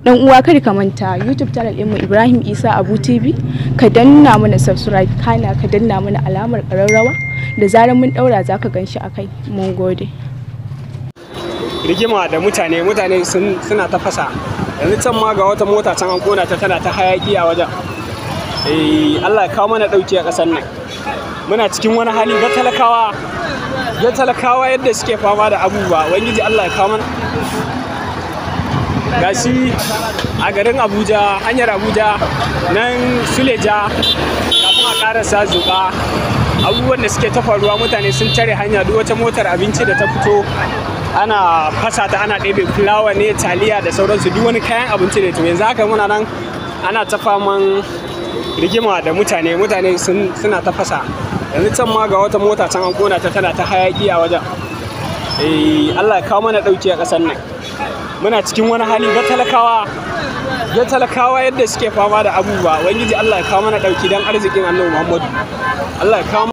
dan uwa kada ka manta youtube channel mu ibrahim isa abu tv ka danna mana subscribe kana ka danna mana alamar kararrawa da zarar mun daura za ka ganshi a kai mun gode rigima da mutane mutane suna ta fasa yanzu can ma ga wata mota can an kona ta tana ta hayaki a wajen eh allah ya kawo mana dauki a kasar nan muna cikin wani hali ga talakawa ga talakawa yadda suke fama da abubuwa ji allah ya kawo mana gashi a garin abuja hanyar abuja nan suleja kafin a karasa zuba abubuwan da suke ta faruwa mutane sun tare hanya duk wata motar abinci da ta fito ana fasa ta ana ɗebe fulawa ne taliya da sauransu duk wani kayan abinci da yanzu haka muna nan ana ta faman rigima da mutane mutane suna ta fasa yanzu can ma ga wata mota can an kona ta tana ta hayaki a wajen eh, Allah kawo mana ɗauki a ƙasar nan muna cikin wani hali ga talakawa ga talakawa yadda suke fama da abubuwa ubangiji Allah ya kawo mana dauki dan arzikin Annabi Muhammadu Allah ya kawo